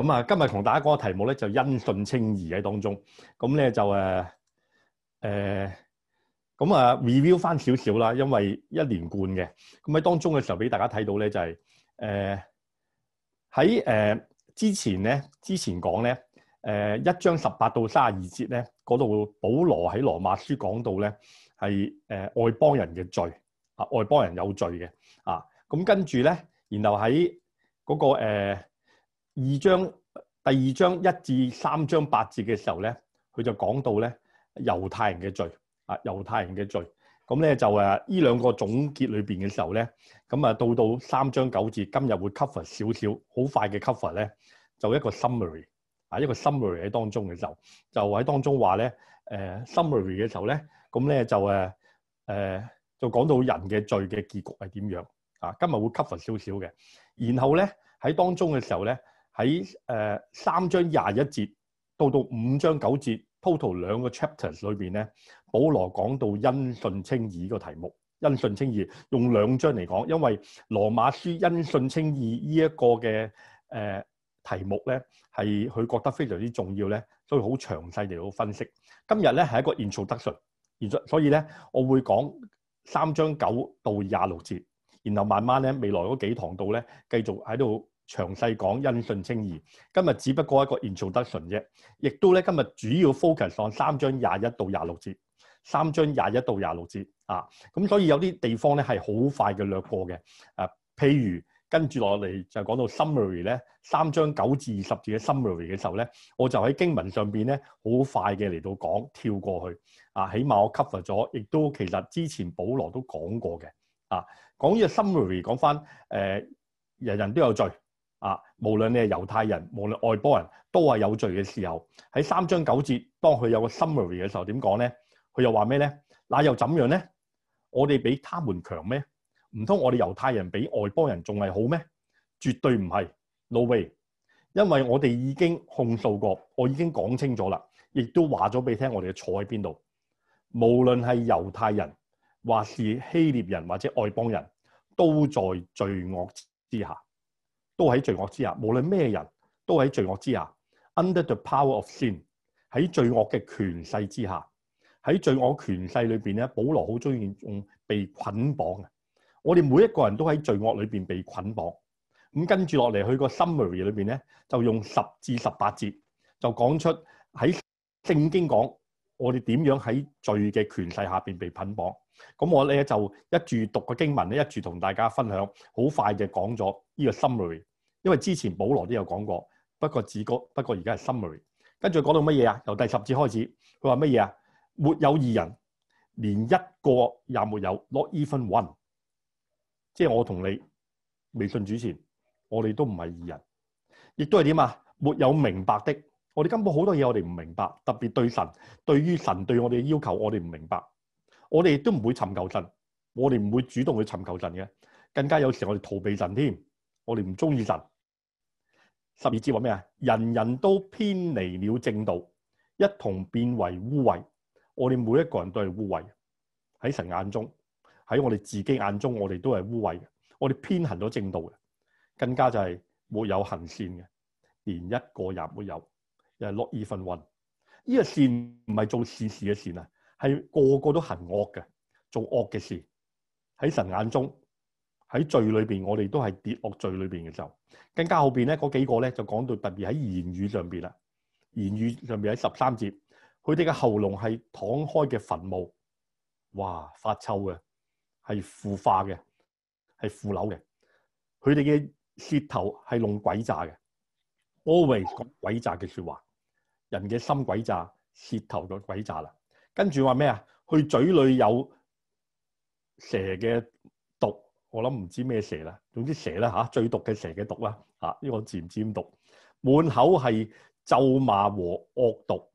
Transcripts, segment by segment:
咁啊，今日同大家講個題目咧就因信稱義，喺當中呢，咁咧就誒誒，咁啊 review 翻少少啦，因為一連貫嘅。咁喺當中嘅時候俾大家睇到咧就係誒喺誒之前咧，之前講咧誒一章十八到三十二節咧嗰度，保羅喺羅馬書講到咧係誒外邦人嘅罪啊，外邦人有罪嘅啊，咁跟住咧，然後喺嗰、嗰個、呃二章、第二章一至三章八節嘅時候咧，佢就講到咧猶太人嘅罪啊，猶太人嘅罪咁咧就誒呢兩個總結裏邊嘅時候咧，咁啊到到三章九節，今日會 cover 少少，好快嘅 cover 咧，就一個 summary 啊，一個 summary 喺當中嘅時候，就喺當中話咧，誒 summary 嘅時候咧，咁咧就誒誒就講到人嘅罪嘅結局係點樣啊，今日會 cover 少少嘅，然後咧喺當中嘅時候咧。喺誒、呃、三章廿一節到到五章九節，total 兩個 chapters 裏邊咧，保羅講到因信稱義個題目，因信稱義用兩章嚟講，因為羅馬書因信稱義呢一、這個嘅誒、呃、題目咧，係佢覺得非常之重要咧，所以好詳細嚟到分析。今日咧係一個 introduction，introduction，所以咧我會講三章九到廿六節，然後慢慢咧未來嗰幾堂度咧繼續喺度。詳細講因信稱義，今日只不過一個 intro 得純啫。亦都咧今日主要 focus 喺三章廿一到廿六節，三章廿一到廿六節啊。咁所以有啲地方咧係好快嘅略過嘅。誒、啊，譬如跟住落嚟就講到 summary 咧，三章九至二十字嘅 summary 嘅時候咧，我就喺經文上邊咧好快嘅嚟到講跳過去。啊，起碼我 cover 咗，亦都其實之前保羅都講過嘅。啊，講呢個 summary 講翻誒人人都有罪。啊！無論你係猶太人，無論外邦人，都係有罪嘅時候。喺三章九節當佢有個 summary 嘅時候，點講咧？佢又話咩咧？那又怎樣咧？我哋比他們強咩？唔通我哋猶太人比外邦人仲係好咩？絕對唔係，老味 No way。因為我哋已經控訴過，我已經講清楚啦，亦都話咗俾你聽，我哋嘅錯喺邊度。無論係猶太人，或是希臘人，或者外邦人，都在罪惡之下。都喺罪惡之下，無論咩人都喺罪惡之下。Under the power of sin，喺罪惡嘅權勢之下，喺罪惡權勢裏邊咧，保羅好中意用被捆綁啊！我哋每一個人都喺罪惡裏邊被捆綁。咁跟住落嚟，去個 summary 裏邊咧，就用十至十八節就講出喺聖經講我哋點樣喺罪嘅權勢下邊被捆綁。咁我咧就一住讀個經文咧，一住同大家分享，好快就講咗呢個 summary。因為之前保羅都有講過，不過只不過而家係 summary。跟住講到乜嘢啊？由第十節開始，佢話乜嘢啊？沒有二人，連一個也沒有。Not even one，即係我同你微信主持，我哋都唔係二人，亦都係點啊？沒有明白的，我哋根本好多嘢我哋唔明白，特別對神，對於神對我哋嘅要求，我哋唔明白。我哋亦都唔會尋求神，我哋唔會主動去尋求神嘅，更加有時我哋逃避神添。我哋唔中意神。十二節話咩啊？人人都偏離了正道，一同變為污穢。我哋每一個人都係污穢，喺神眼中，喺我哋自己眼中我們，我哋都係污穢嘅。我哋偏行咗正道嘅，更加就係沒有行善嘅，連一個也沒有，又係樂意分運。呢、這個善唔係做事事善事嘅善啊，係個個都行惡嘅，做惡嘅事。喺神眼中。喺罪裏邊，我哋都係跌落罪裏邊嘅時候。更加後邊咧嗰幾個咧就講到特別喺言語上邊啦。言語上邊喺十三節，佢哋嘅喉嚨係敞開嘅墳墓，哇，發臭嘅，係腐化嘅，係腐朽嘅。佢哋嘅舌頭係弄鬼炸詭詐嘅，always 講詭詐嘅説話，人嘅心詭詐，舌頭就詭詐啦。跟住話咩啊？佢嘴裏有蛇嘅。我諗唔知咩蛇啦，總之蛇啦吓、啊，最毒嘅蛇嘅毒啦吓，呢、啊，這個字唔知點讀，滿口係咒罵和惡毒，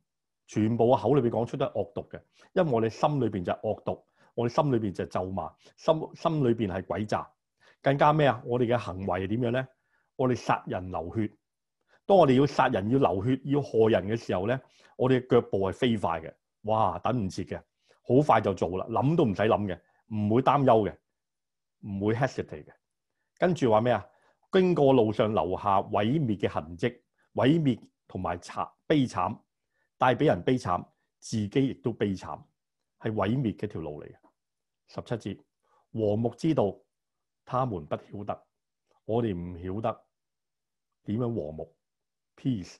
全部口裏邊講出都係惡毒嘅，因為我哋心裏邊就係惡毒，我哋心裏邊就係咒罵，心心裏邊係鬼詐，更加咩啊？我哋嘅行為係點樣咧？我哋殺人流血，當我哋要殺人要流血要害人嘅時候咧，我哋嘅腳步係飛快嘅，哇，等唔切嘅，好快就做啦，諗都唔使諗嘅，唔會擔憂嘅。唔會 hesitate 嘅，跟住話咩啊？經過路上留下毀滅嘅痕跡，毀滅同埋慘，悲慘，帶俾人悲慘，自己亦都悲慘，係毀滅嘅條路嚟嘅。十七節，和睦之道，他們不曉得，我哋唔曉得點樣和睦。Peace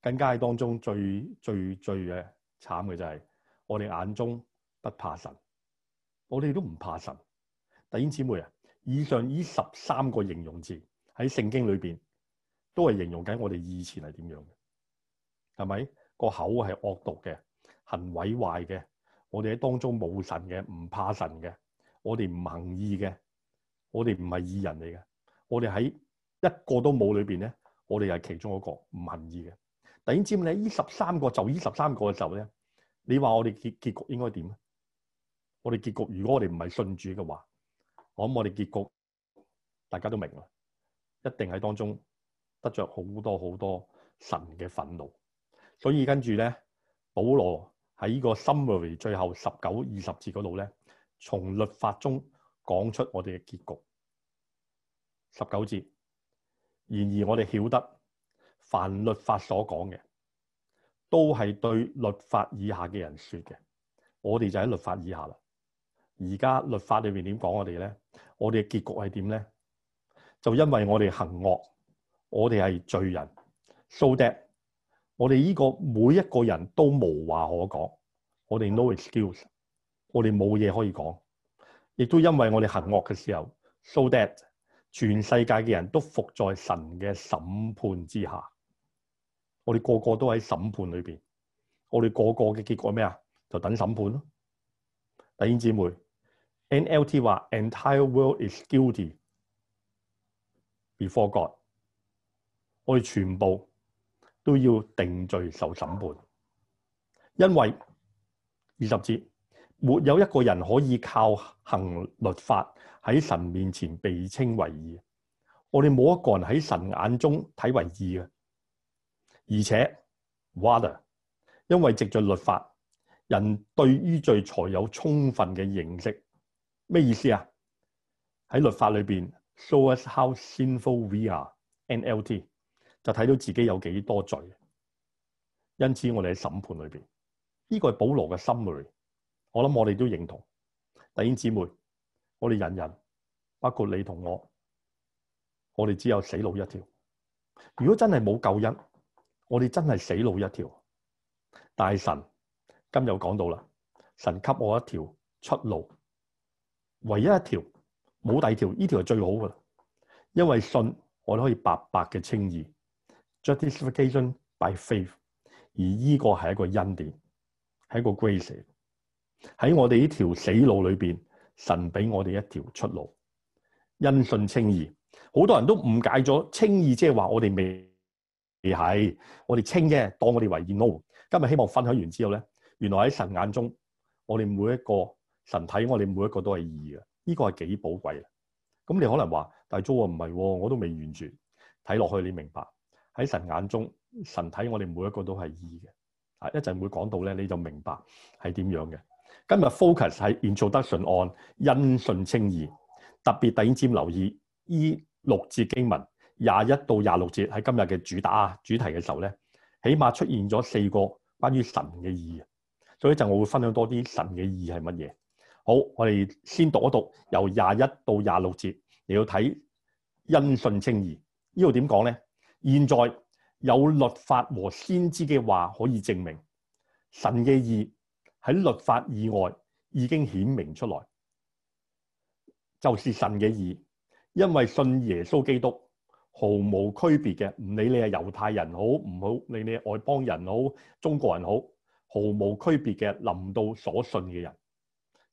更加係當中最最最嘅慘嘅就係、是、我哋眼中不怕神，我哋都唔怕神。弟兄姊妹啊，以上呢十三個形容詞喺聖經裏邊都係形容緊我哋以前係點樣嘅，係咪個口係惡毒嘅，行毀壞嘅，我哋喺當中冇神嘅，唔怕神嘅，我哋唔行義嘅，我哋唔係義人嚟嘅，我哋喺一個都冇裏邊咧，我哋係其中一個唔行義嘅。弟兄姊妹咧，呢十三個就呢十三個嘅時候咧，你話我哋結結局應該點咧？我哋結局如果我哋唔係信主嘅話。咁我哋嘅結局，大家都明啦，一定喺當中得着好多好多神嘅憤怒，所以跟住呢，保羅喺個 summary 最後十九二十節嗰度呢，從律法中講出我哋嘅結局。十九節，然而我哋曉得，凡律法所講嘅，都係對律法以下嘅人說嘅，我哋就喺律法以下啦。而家律法裏面點講我哋咧？我哋嘅結局係點咧？就因為我哋行惡，我哋係罪人，so that 我哋呢個每一個人都無話可講，我哋 no excuse，我哋冇嘢可以講。亦都因為我哋行惡嘅時候，so that 全世界嘅人都伏在神嘅審判之下，我哋個個都喺審判裏邊，我哋個個嘅結果係咩啊？就等審判咯。弟兄姊妹。NLT 話：Entire world is guilty before God。我哋全部都要定罪受審判，因為二十節，沒有一個人可以靠行律法喺神面前被稱為義。我哋冇一個人喺神眼中睇為義嘅，而且 what？因為藉著律法，人對於罪才有充分嘅認識。咩意思啊？喺律法裏邊，show us how sinful we are，NLT 就睇到自己有幾多罪。因此，我哋喺審判裏邊，呢個係保羅嘅心 y 我諗我哋都認同。弟兄姊妹，我哋人人包括你同我，我哋只有死路一條。如果真係冇救恩，我哋真係死路一條。但神今日講到啦，神給我一條出路。唯一一條，冇第二條，呢條係最好噶啦，因為信我哋可以白白嘅稱義，justification by faith。而呢個係一個恩典，係一個 grace。喺我哋呢條死路裏邊，神俾我哋一條出路，因信稱義。好多人都誤解咗稱義，即係話我哋未係，我哋稱嘅當我哋為義。No，今日希望分享完之後咧，原來喺神眼中，我哋每一個。神睇我哋每一個都係義嘅，呢個係幾寶貴的。咁你可能話，大租主話唔係，我都未完全睇落去，你明白，喺神眼中，神睇我哋每一個都係義嘅。啊，一陣會講到咧，你就明白係點樣嘅。今日 focus 係《約翰德信案》，因信稱義。特別第二尖，留意呢六節經文廿一到廿六節，喺今日嘅主打主題嘅時候咧，起碼出現咗四個關於神嘅義嘅。所以一陣我會分享多啲神嘅意義係乜嘢。好，我哋先讀一讀，由廿一到廿六節，你要睇因信稱義。呢度點講咧？現在有律法和先知嘅話可以證明神嘅義喺律法以外已經顯明出來，就是神嘅義。因為信耶穌基督，毫無區別嘅，唔理你係猶太人好，唔好理你係外邦人好，中國人好，毫無區別嘅，臨到所信嘅人。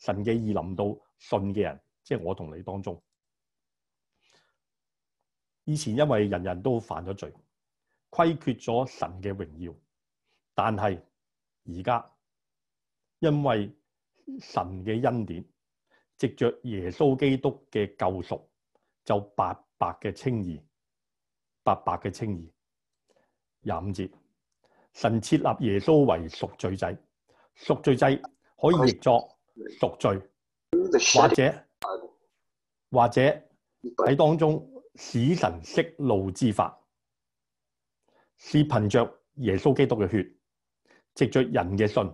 神嘅義臨到信嘅人，即係我同你當中。以前因為人人都犯咗罪，虧缺咗神嘅榮耀，但係而家因為神嘅恩典，藉着耶穌基督嘅救贖，就白白嘅稱義，白白嘅稱義。廿五節，神設立耶穌為贖罪祭，贖罪祭可以譯作贖罪，或者或者喺當中，使神息怒之法，是憑着耶穌基督嘅血，藉着人嘅信，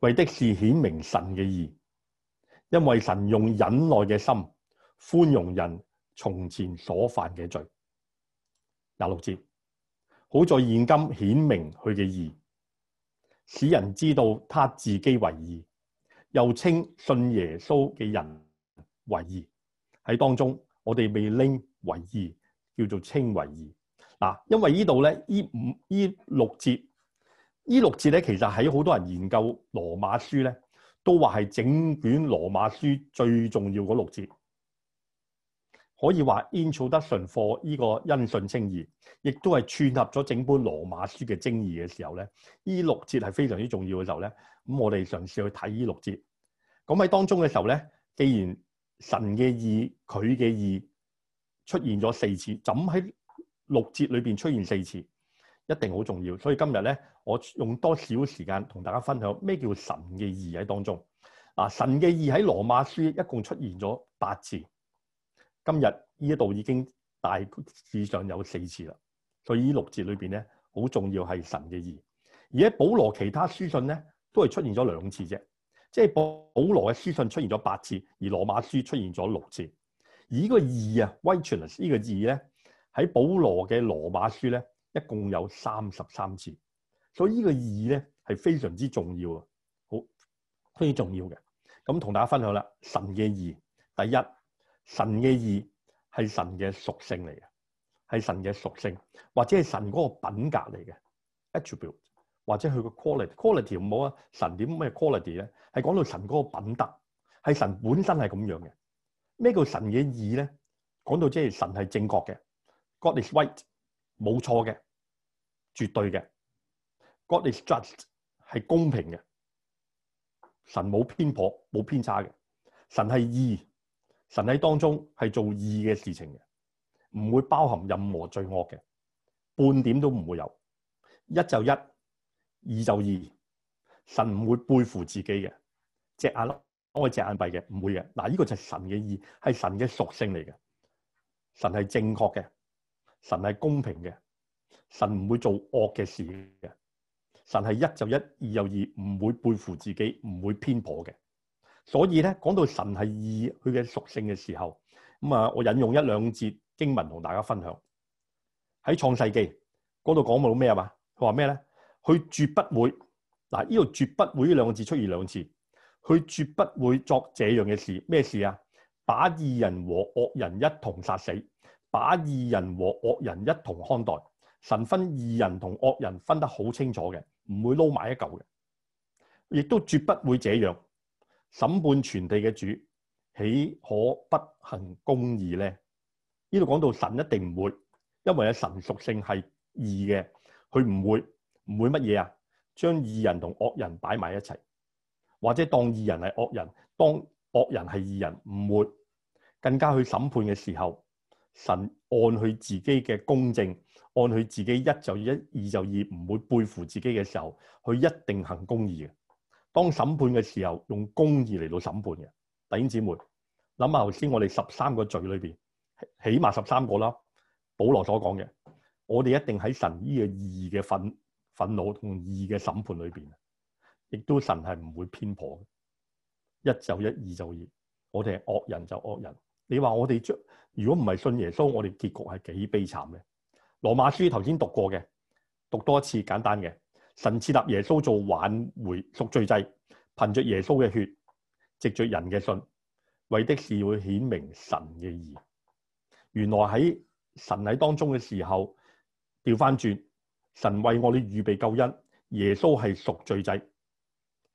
為的是顯明神嘅義，因為神用忍耐嘅心寬容人從前所犯嘅罪，廿六節，好在現今顯明佢嘅義，使人知道他自己為義。又稱信耶穌嘅人為義。喺當中，我哋被拎為義，叫做稱為義嗱。因為呢度咧，呢五呢六節呢六節咧，其實喺好多人研究羅馬書咧，都話係整卷羅馬書最重要嗰六節。可以話 introduction for 呢個因信稱義，亦都係串合咗整本羅馬書嘅精義嘅時候咧，呢六節係非常之重要嘅時候咧。咁我哋嘗試去睇呢六節，咁喺當中嘅時候咧，既然神嘅義、佢嘅義出現咗四次，噉喺六節裏邊出現四次，一定好重要。所以今日咧，我用多少時間同大家分享咩叫神嘅義喺當中？嗱，神嘅義喺羅馬書一共出現咗八次。今日呢度已經大致上有四次啦，所以呢六字裏邊咧，好重要係神嘅義。而喺保羅其他書信咧都係出現咗兩次啫，即係保保羅嘅書信出現咗八次，而羅馬書出現咗六次。而呢個義啊，威全呢個義咧喺保羅嘅羅馬書咧，一共有三十三次，所以呢個義咧係非常之重要啊，好，非常重要嘅。咁同大家分享啦，神嘅義，第一。神嘅義係神嘅屬性嚟嘅，係神嘅屬性，或者係神嗰個品格嚟嘅 attribute，或者佢個 quality，quality 唔好啊？神點咩 quality 咧？係講到神嗰個品德，係神本身係咁樣嘅。咩叫神嘅義咧？講到即係神係正確嘅，God is right，冇錯嘅，絕對嘅。God is just，係公平嘅。神冇偏頗，冇偏差嘅。神係義。神喺當中係做義嘅事情嘅，唔會包含任何罪惡嘅，半點都唔會有。一就一，二就二，神唔會背負自己嘅，隻眼碌開隻眼閉嘅，唔會嘅。嗱，呢個就係神嘅義，係神嘅屬性嚟嘅。神係正確嘅，神係公平嘅，神唔會做惡嘅事嘅。神係一就一，二就二，唔會背負自己，唔會偏頗嘅。所以咧，講到神係義佢嘅屬性嘅時候，咁啊，我引用一兩節經文同大家分享。喺創世記嗰度講冇咩啊嘛，佢話咩咧？佢絕不會嗱，呢度絕不會呢兩個字出現兩次。佢絕不會作這樣嘅事，咩事啊？把義人和惡人一同殺死，把義人和惡人一同看待。神分義人同惡人分得好清楚嘅，唔會撈埋一嚿嘅，亦都絕不會這樣。審判全地嘅主，豈可不行公義咧？呢度講到神一定唔會，因為啊神屬性係義嘅，佢唔會，唔會乜嘢啊？將義人同惡人擺埋一齊，或者當義人係惡人，當惡人係義人，唔會。更加去審判嘅時候，神按佢自己嘅公正，按佢自己一就一，二就二，唔會背負自己嘅時候，佢一定行公義嘅。當審判嘅時候，用公義嚟到審判嘅。弟兄姊妹，諗下頭先我哋十三個罪裏邊，起碼十三個啦。保羅所講嘅，我哋一定喺神依嘅義嘅憤憤怒同義嘅審判裏邊，亦都神係唔會偏頗嘅，一就一，二就二。我哋係惡人就惡人。你話我哋將如果唔係信耶穌，我哋結局係幾悲慘嘅。羅馬書頭先讀過嘅，讀多一次，簡單嘅。神設立耶穌做挽回贖罪祭，憑着耶穌嘅血，藉着人嘅信，為的是要顯明神嘅義。原來喺神禮當中嘅時候，調翻轉，神為我哋預備救恩，耶穌係贖罪祭，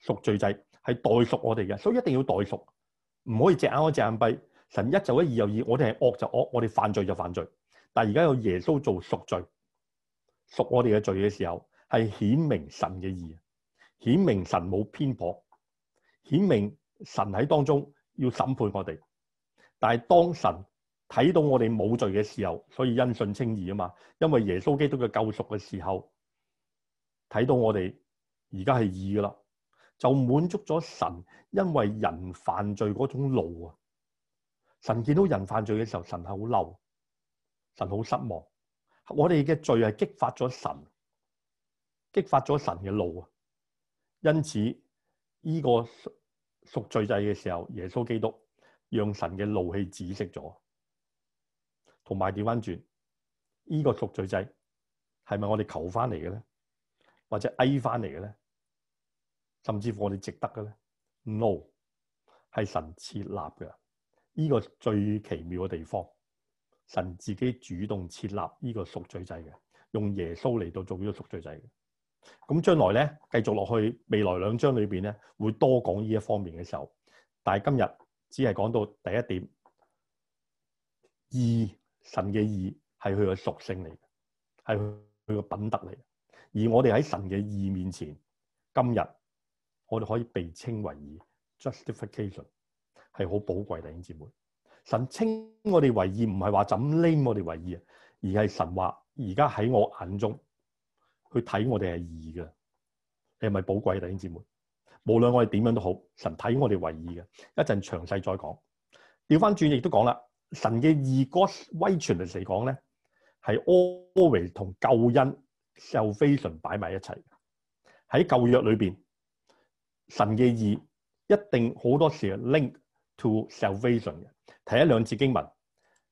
贖罪祭係代贖我哋嘅，所以一定要代贖，唔可以隻眼開隻眼閉。神一就一，二就二，我哋係惡就惡，我哋犯罪就犯罪。但係而家有耶穌做贖罪贖我哋嘅罪嘅時候。係顯明神嘅義，顯明神冇偏頗，顯明神喺當中要審判我哋。但係當神睇到我哋冇罪嘅時候，所以因信稱義啊嘛。因為耶穌基督嘅救贖嘅時候，睇到我哋而家係義噶啦，就滿足咗神因為人犯罪嗰種怒啊。神見到人犯罪嘅時候，神係好嬲，神好失望。我哋嘅罪係激發咗神。激發咗神嘅怒啊！因此呢個贖罪祭嘅時候，耶穌基督讓神嘅怒氣止息咗。同埋調翻轉呢個贖罪祭係咪我哋求翻嚟嘅咧？或者捱翻嚟嘅咧？甚至乎我哋值得嘅咧？No，係神設立嘅呢個最奇妙嘅地方。神自己主動設立呢個贖罪祭嘅，用耶穌嚟到做呢個贖罪祭嘅。咁將來咧繼續落去，未來兩章裏邊咧會多講呢一方面嘅時候，但係今日只係講到第一點，義，神嘅義係佢嘅屬性嚟，係佢嘅品德嚟，而我哋喺神嘅義面前，今日我哋可以被稱爲義，justification 係好寶貴嘅，弟兄姐妹，神稱我哋爲義，唔係話怎拎我哋爲義啊，而係神話而家喺我眼中。去睇我哋係義嘅，你係咪寶貴？弟兄姊妹，無論我哋點樣都好，神睇我哋為義嘅。一陣詳細再講。調翻轉亦都講啦，神嘅義哥威權嚟嚟講咧，係 always 同救恩 salvation 擺埋一齊。喺舊約裏邊，神嘅義一定好多時 link to salvation 嘅。睇一兩節經文，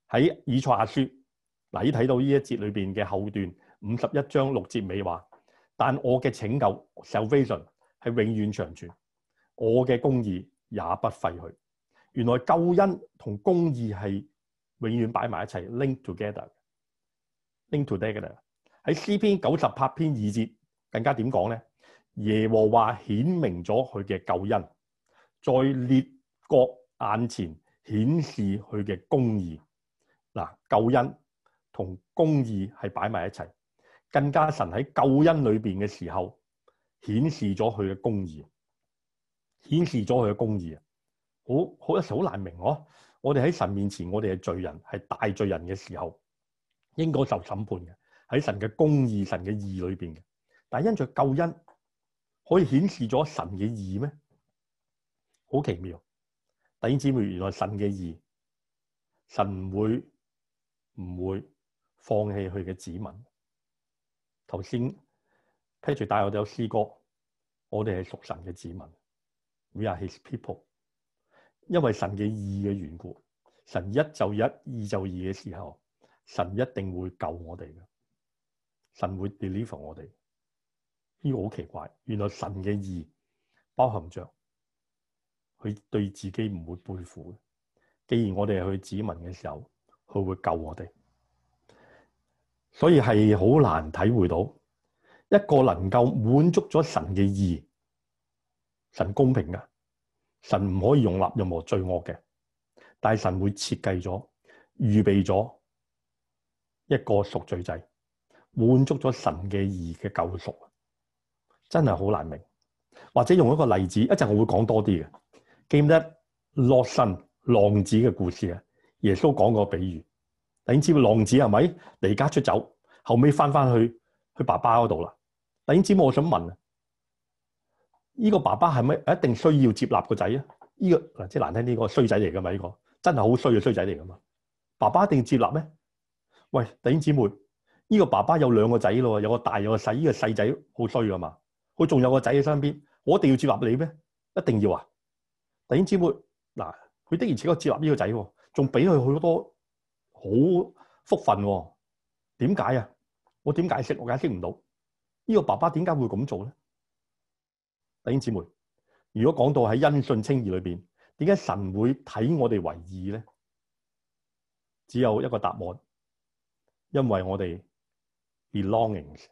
喺以賽亞書嗱，你睇到呢一節裏邊嘅後段。五十一章六節尾話，但我嘅拯救 salvation 係永遠長存，我嘅公義也不廢去。原來救恩同公義係永遠擺埋一齊 link together，link together。喺詩篇九十八篇二節，更加點講呢？耶和華顯明咗佢嘅救恩，在列國眼前顯示佢嘅公義。嗱，救恩同公義係擺埋一齊。更加神喺救恩裏邊嘅時候，顯示咗佢嘅公義，顯示咗佢嘅公義啊！好好一好難明哦。我哋喺神面前，我哋係罪人，係大罪人嘅時候，應該受審判嘅喺神嘅公義、神嘅義裏邊嘅。但係因着救恩可以顯示咗神嘅義咩？好奇妙！弟兄姊妹，原來神嘅義，神不會唔會放棄佢嘅子民頭先 Patrick 帶我哋有詩歌，我哋係屬神嘅子民，We are His people。因為神嘅義嘅緣故，神一就一，二就二嘅時候，神一定會救我哋嘅，神會 deliver 我哋。呢、這個好奇怪，原來神嘅義包含著佢對自己唔會背負嘅。既然我哋係佢子民嘅時候，佢會救我哋。所以係好難體會到一個能夠滿足咗神嘅義，神公平嘅，神唔可以容納任何罪惡嘅，但係神會設計咗、預備咗一個贖罪祭，滿足咗神嘅義嘅救贖，真係好難明。或者用一個例子，一陣我會講多啲嘅，記得洛神浪子嘅故事，耶穌講過比喻。.你知唔浪子係咪離家出走，後尾翻翻去去爸爸嗰度啦？弟兄姊妹，我想問啊，呢、這個爸爸係咪一定需要接納、這個仔啊？呢個嗱，即係難聽呢、這個衰仔嚟噶嘛？呢、這個真係好衰嘅衰仔嚟噶嘛？爸爸一定要接納咩？喂，弟兄姊妹，呢、這個爸爸有兩個仔咯，有個大有個細，呢、這個細仔好衰噶嘛？佢仲有個仔喺身邊，我一定要接納你咩？一定要啊！弟兄姊妹，嗱，佢的而且確接納呢個仔，仲俾佢好多。好福分喎？點解啊？我點解釋？我解釋唔到。呢個爸爸點解會咁做咧？弟兄姊妹，如果講到喺恩信稱義裏面，點解神會睇我哋為義咧？只有一個答案，因為我哋 belongings，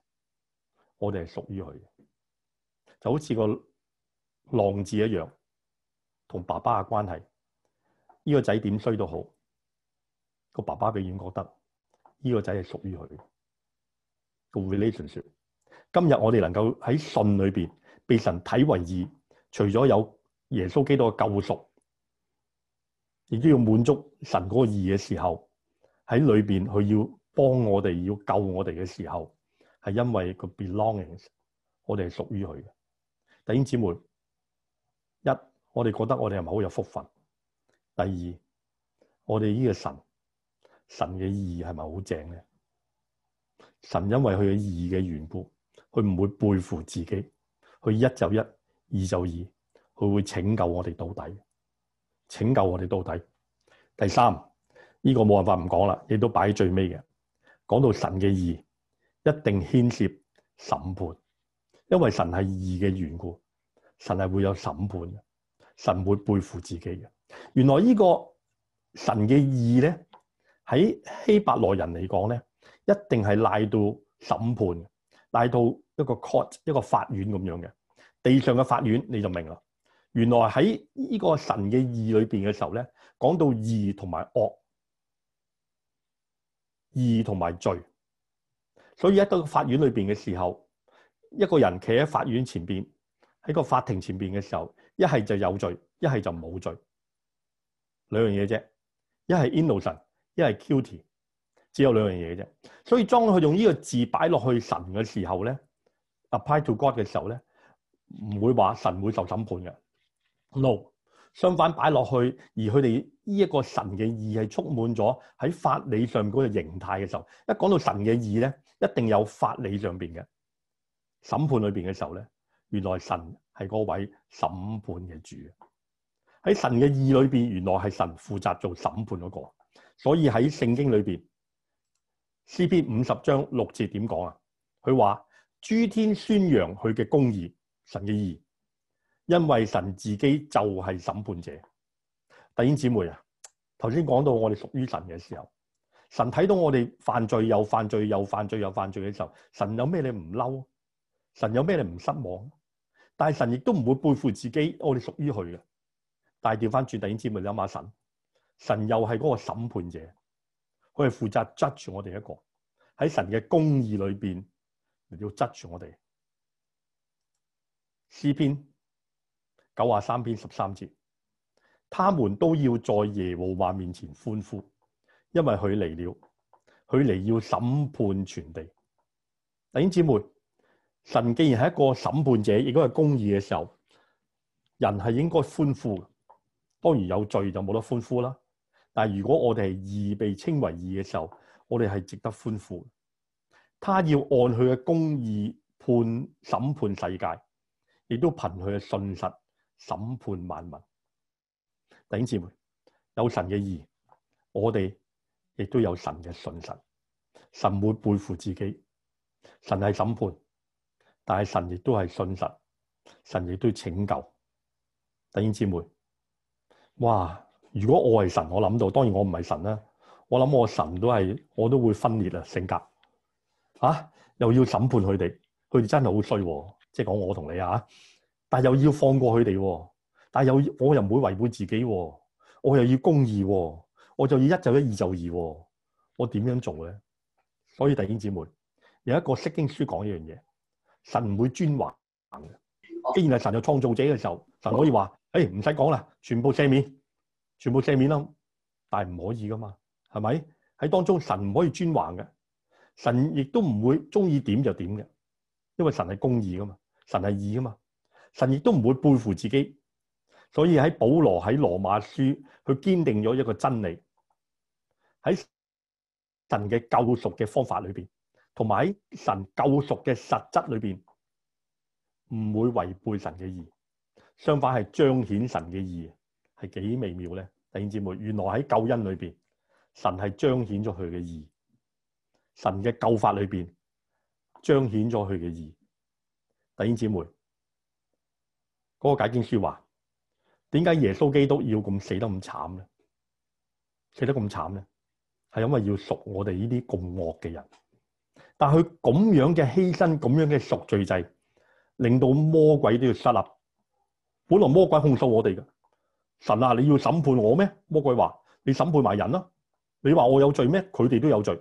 我哋係屬於佢嘅，就好似個浪子一樣，同爸爸嘅關係，呢個仔點衰都好。個爸爸已經覺得呢、這個仔係屬於佢嘅，個 relation 說，今日我哋能夠喺信裏邊被神體為義，除咗有耶穌基督嘅救贖，亦都要滿足神嗰個義嘅時候，喺裏邊佢要幫我哋要救我哋嘅時候，係因為個 belongings，我哋係屬於佢嘅。弟兄姊妹，一，我哋覺得我哋係咪好有福分；第二，我哋呢個神。神嘅義係咪好正咧？神因為佢嘅義嘅緣故，佢唔會背負自己，佢一就一，二就二，佢會拯救我哋到底，拯救我哋到底。第三呢、呢個冇辦法唔講啦，亦都擺喺最尾嘅。講到神嘅義，一定牽涉審判，因為神係義嘅緣故，神係會有審判，神會背負自己嘅。原來呢個神嘅義咧。喺希伯來人嚟講咧，一定係賴到審判，賴到一個 court 一個法院咁樣嘅地上嘅法院你就明啦。原來喺呢個神嘅義裏邊嘅時候咧，講到義同埋惡，義同埋罪。所以喺個法院裏邊嘅時候，一個人企喺法院前邊喺個法庭前邊嘅時候，一係就有罪，一係就冇罪，兩樣嘢啫。一係 innocent 一係 guilty 只有兩樣嘢嘅啫。所以當佢用呢個字擺落去神嘅時候咧，apply to God 嘅時候咧，唔會話神會受審判嘅。No，相反擺落去而佢哋呢一個神嘅義係充滿咗喺法理上邊嗰個形態嘅時候，一講到神嘅義咧，一定有法理上邊嘅審判裏邊嘅時候咧，原來神係嗰位審判嘅主喺神嘅義裏邊，原來係神負責做審判嗰個。所以喺聖經裏邊，詩篇五十章六節點講啊？佢話諸天宣揚佢嘅公義，神嘅義，因為神自己就係審判者。弟兄姊妹啊，頭先講到我哋屬於神嘅時候，神睇到我哋犯罪又犯罪又犯罪又犯罪嘅時候，神有咩你唔嬲？神有咩你唔失望？但係神亦都唔會背負自己，我哋屬於佢嘅。但係調翻轉，弟兄姊妹諗下神。神又係嗰個審判者，佢係負責執住我哋一個喺神嘅公義裏邊嚟，要執住我哋。詩篇九啊三篇十三節，他們都要在耶和華面前歡呼，因為佢嚟了，佢嚟要審判全地。弟兄姊妹，神既然係一個審判者，亦都係公義嘅時候，人係應該歡呼，當然有罪就冇得歡呼啦。但係如果我哋係義被稱為義嘅時候，我哋係值得歡呼。他要按佢嘅公義判審判世界，亦都憑佢嘅信實審判萬民。弟兄姊妹，有神嘅義，我哋亦都有神嘅信實。神會背負自己，神係審判，但係神亦都係信實，神亦都拯救。弟兄姊妹，哇！如果我係神，我諗到當然我唔係神啦。我諗我神都係，我都會分裂啊性格啊又要審判佢哋，佢哋真係好衰。即係講我同你啊，但係又要放過佢哋，啊，但係又我又唔會違背自己，啊，我又要公義，啊，我就要一就一，二就二，啊。我點樣做咧？所以弟兄姊妹有一個釋經書講一樣嘢，神唔會專橫。既然係神有創造者嘅時候，神可以話，誒唔使講啦，全部赦免。全部赦免啦，但係唔可以噶嘛，係咪？喺當中神唔可以專橫嘅，神亦都唔會中意點就點嘅，因為神係公義噶嘛，神係義噶嘛，神亦都唔會背負自己。所以喺保羅喺羅馬書，佢堅定咗一個真理。喺神嘅救贖嘅方法裏邊，同埋喺神救贖嘅實質裏邊，唔會違背神嘅義，相反係彰顯神嘅義。係幾微妙咧？弟兄姊妹，原來喺救恩裏邊，神係彰顯咗佢嘅義；神嘅救法裏邊，彰顯咗佢嘅義。弟兄姊妹，嗰、嗰個解經書話，點解耶穌基督要咁死得咁慘咧？死得咁慘咧，係因為要贖我哋呢啲咁惡嘅人。但佢咁樣嘅犧牲，咁樣嘅贖罪祭，令到魔鬼都要失立。本來魔鬼控訴我哋嘅。神啊！你要審判我咩？魔鬼話：你審判埋人啊。你話我有罪咩？佢哋都有罪。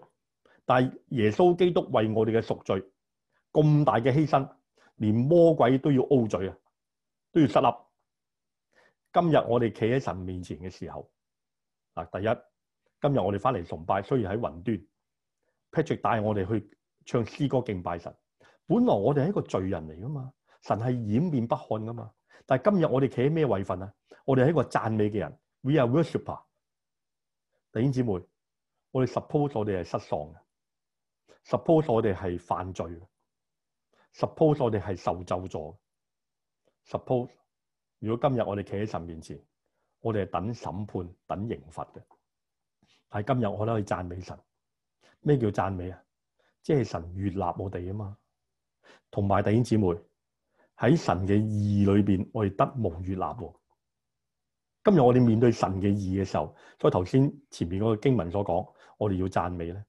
但係耶穌基督為我哋嘅贖罪，咁大嘅犧牲，連魔鬼都要懊罪啊，都要失立。今日我哋企喺神面前嘅時候，第一，今日我哋翻嚟崇拜，雖然喺雲端，Patrick 帶我哋去唱詩歌敬拜神。本來我哋係一個罪人嚟噶嘛，神係掩面不看噶嘛。但係今日我哋企喺咩位份啊？我哋係一個讚美嘅人，we are worshipper。弟兄姊妹，我哋 suppose 我哋係失喪嘅，suppose 我哋係犯罪嘅，suppose 我哋係受咒詛，suppose 如果今日我哋企喺神面前，我哋係等審判、等刑罰嘅。但係今日我都可以讚美神，咩叫讚美啊？即係神悅納我哋啊嘛。同埋，弟兄姊妹喺神嘅義裏面，我哋得蒙悅納喎。今日我哋面對神嘅義嘅時候，再頭先前面嗰個經文所講，我哋要讚美咧，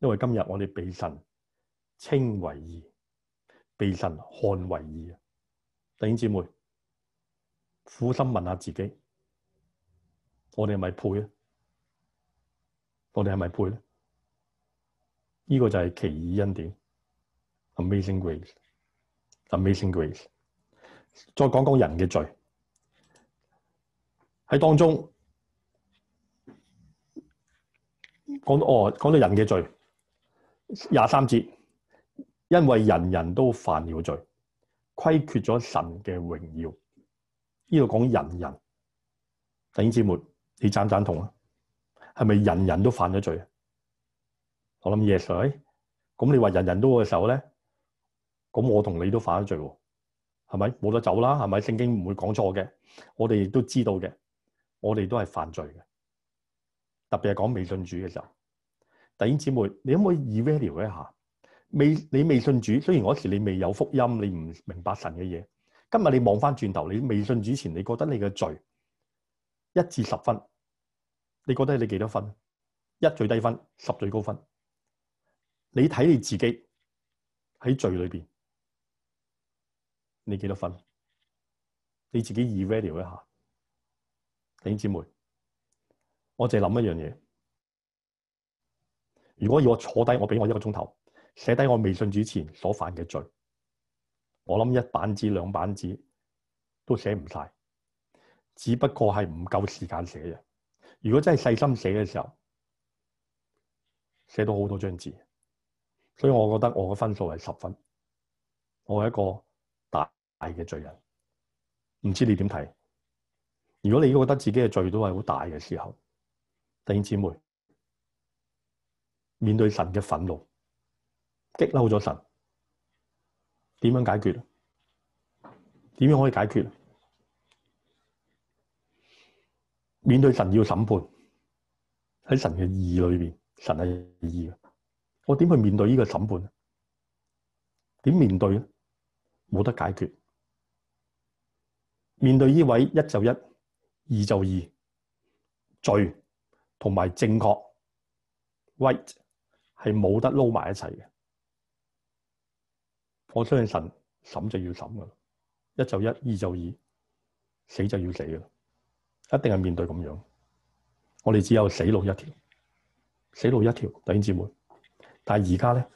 因為今日我哋被神稱為義，被神看為義啊！弟兄姊妹，苦心問下自己，我哋係咪配呢？我哋係咪配咧？呢、這個就係奇異恩典，amazing grace，amazing grace。Grace. 再講講人嘅罪。喺當中講到哦，講到人嘅罪廿三節，因為人人都犯了罪，虧缺咗神嘅榮耀。呢度講人人，弟兄姊妹，你贊唔贊同啊？係咪人人都犯咗罪啊？我諗 yes，咁你話人人都嘅時候呢，咁我同你都犯咗罪，係咪冇得走啦？係咪聖經唔會講錯嘅？我哋都知道嘅。我哋都係犯罪嘅，特別係講未信主嘅時候。弟兄姊妹，你可唔可以 evaluate 一下未？你未信主，雖然嗰時你未有福音，你唔明白神嘅嘢。今日你望翻轉頭，你未信主前，你覺得你嘅罪一至十分，你覺得你幾多分？一最低分，十最高分。你睇你自己喺罪裏邊，你幾多分？你自己 evaluate 一下。弟兄姊妹，我淨係諗一樣嘢：如果要我坐低，我畀我一個鐘頭寫低我未信主之前所犯嘅罪，我諗一版紙、兩版紙都寫唔晒，只不過係唔夠時間寫啫。如果真係細心寫嘅時候，寫到好多張紙，所以我覺得我嘅分數係十分，我係一個大大嘅罪人，唔知你點睇？如果你覺得自己嘅罪都係好大嘅時候，弟兄姊妹面對神嘅憤怒激嬲咗神，點樣解決？點樣可以解決？面對神要審判喺神嘅義裏面，神係意義嘅，我點去面對呢個審判？點面對咧？冇得解決。面對呢位一就一。二就二，罪同埋正確 r i t 係冇得撈埋一齊嘅。我相信神審就要審噶，一就一，二就二，死就要死噶，一定係面對咁樣。我哋只有死路一條，死路一條，弟兄姊妹。但係而家咧，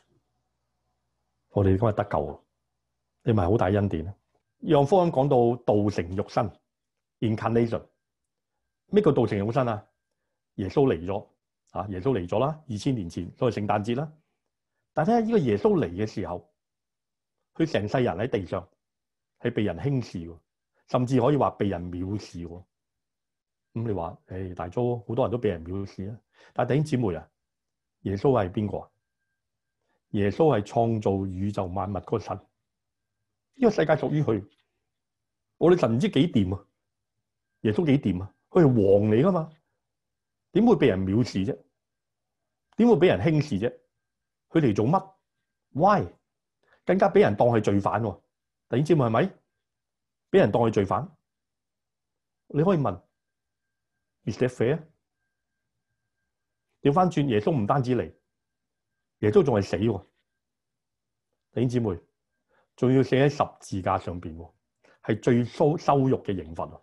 我哋今日得救，你咪好大恩典咧。楊科講到道成肉身，incarnation。咩叫道成肉身啊？耶穌嚟咗。吓，耶穌嚟咗啦，二千年前，所以聖誕節啦。但係睇下呢個耶穌嚟嘅時候，佢成世人喺地上係被人輕視，甚至可以話被、哎、被人藐視。咁你話，誒，大咗好多人都俾人藐視啊！但係弟兄姊妹啊，耶穌係邊個啊？耶穌係創造宇宙萬物嗰個神，呢個世界屬於佢。我哋神唔知幾掂啊，耶穌幾掂啊？佢係王嚟噶嘛？點會被人藐視啫？點會俾人輕視啫？佢哋做乜？Why？更加俾人當係罪犯喎！弟兄姊妹係咪？俾人當係罪犯？你可以問你寫嘅匪啊！調翻轉，耶穌唔單止嚟，耶穌仲係死喎！弟兄姊妹仲要死喺十字架上面喎，係最羞羞辱嘅刑罰！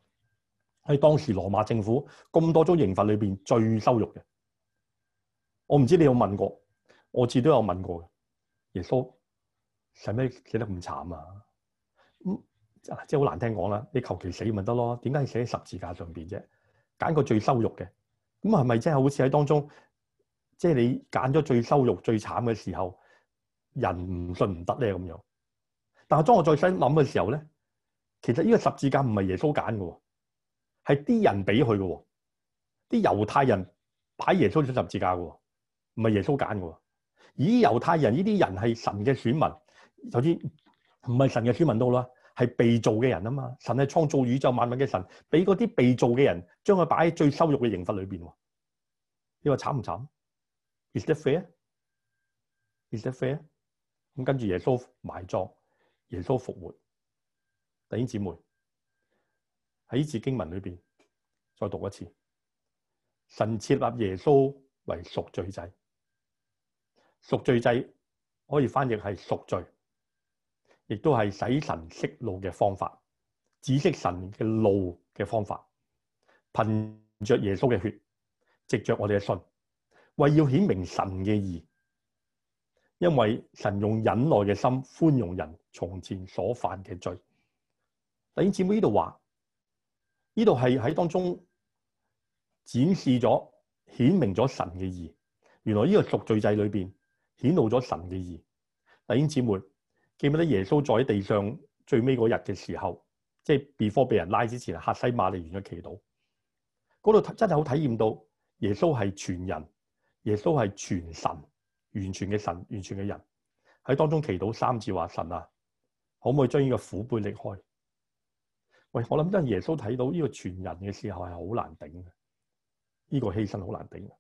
喺當時羅馬政府咁多種刑罰裏邊最羞辱嘅，我唔知你有問過，我自己都有問過嘅。耶穌使咩寫得咁慘啊？咁即係好難聽講啦。你求其死咪得咯？點解要寫喺十字架上邊啫？揀個最羞辱嘅，咁係咪真係好似喺當中，即係你揀咗最羞辱、最慘嘅時候，人唔信唔得咧咁樣？但係當我再想諗嘅時候咧，其實呢個十字架唔係耶穌揀嘅。係啲人俾佢嘅，啲猶太人擺耶穌上十字架嘅，唔係耶穌揀嘅。以猶太人呢啲人係神嘅選民，首先唔係神嘅選民都啦，係被造嘅人啊嘛。神係創造宇宙萬物嘅神，俾嗰啲被造嘅人將佢擺喺最羞辱嘅刑罰裏邊。你話慘唔慘？Is that fair？Is that fair？咁跟住耶穌埋葬，耶穌復活。弟兄姊妹。喺字經文裏邊再讀一次，神設立耶穌為贖罪祭，贖罪祭可以翻譯係贖罪，亦都係使神識路嘅方法，指示神嘅路嘅方法，憑着耶穌嘅血，藉着我哋嘅信，為要顯明神嘅義，因為神用忍耐嘅心寬容人從前所犯嘅罪。弟兄姊妹呢度話。呢度係喺當中展示咗顯明咗神嘅義，原來呢個贖罪祭裏邊顯露咗神嘅義。弟兄姊妹，記唔記得耶穌坐喺地上最尾嗰日嘅時候，即係 before 被人拉之前，客西馬尼園嘅祈禱，嗰度真係好體驗到耶穌係全人，耶穌係全神，完全嘅神，完全嘅人，喺當中祈禱三次話神啊，可唔可以將呢個苦杯離開？喂，我諗真係耶穌睇到呢個傳人嘅時候係好難頂嘅，呢個犧牲好難頂嘅。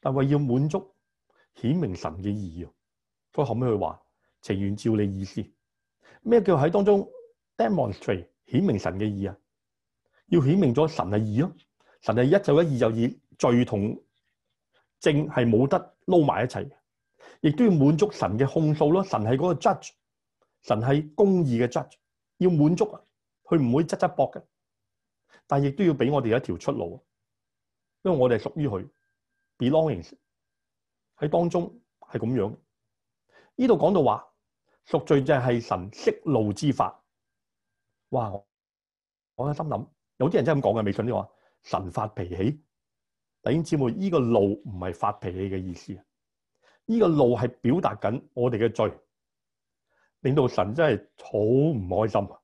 但為要滿足顯明神嘅義啊，所以後屘佢話情願照你意思，咩叫喺當中 demonstrate 顯明神嘅義啊？要顯明咗神嘅義咯，神係一就一，二就二，罪同正係冇得撈埋一齊嘅，亦都要滿足神嘅控訴咯。神係嗰個 judge，神係公義嘅 judge，要滿足。佢唔會執執搏嘅，但亦都要俾我哋一條出路，因為我哋屬於佢，belonging 喺當中係咁樣。呢度講到話，贖罪就係神息怒之法。哇！我心諗有啲人真係咁講嘅，微信啲話神發脾氣。弟兄姊妹，呢個怒唔係發脾氣嘅意思，呢個怒係表達緊我哋嘅罪，令到神真係好唔開心。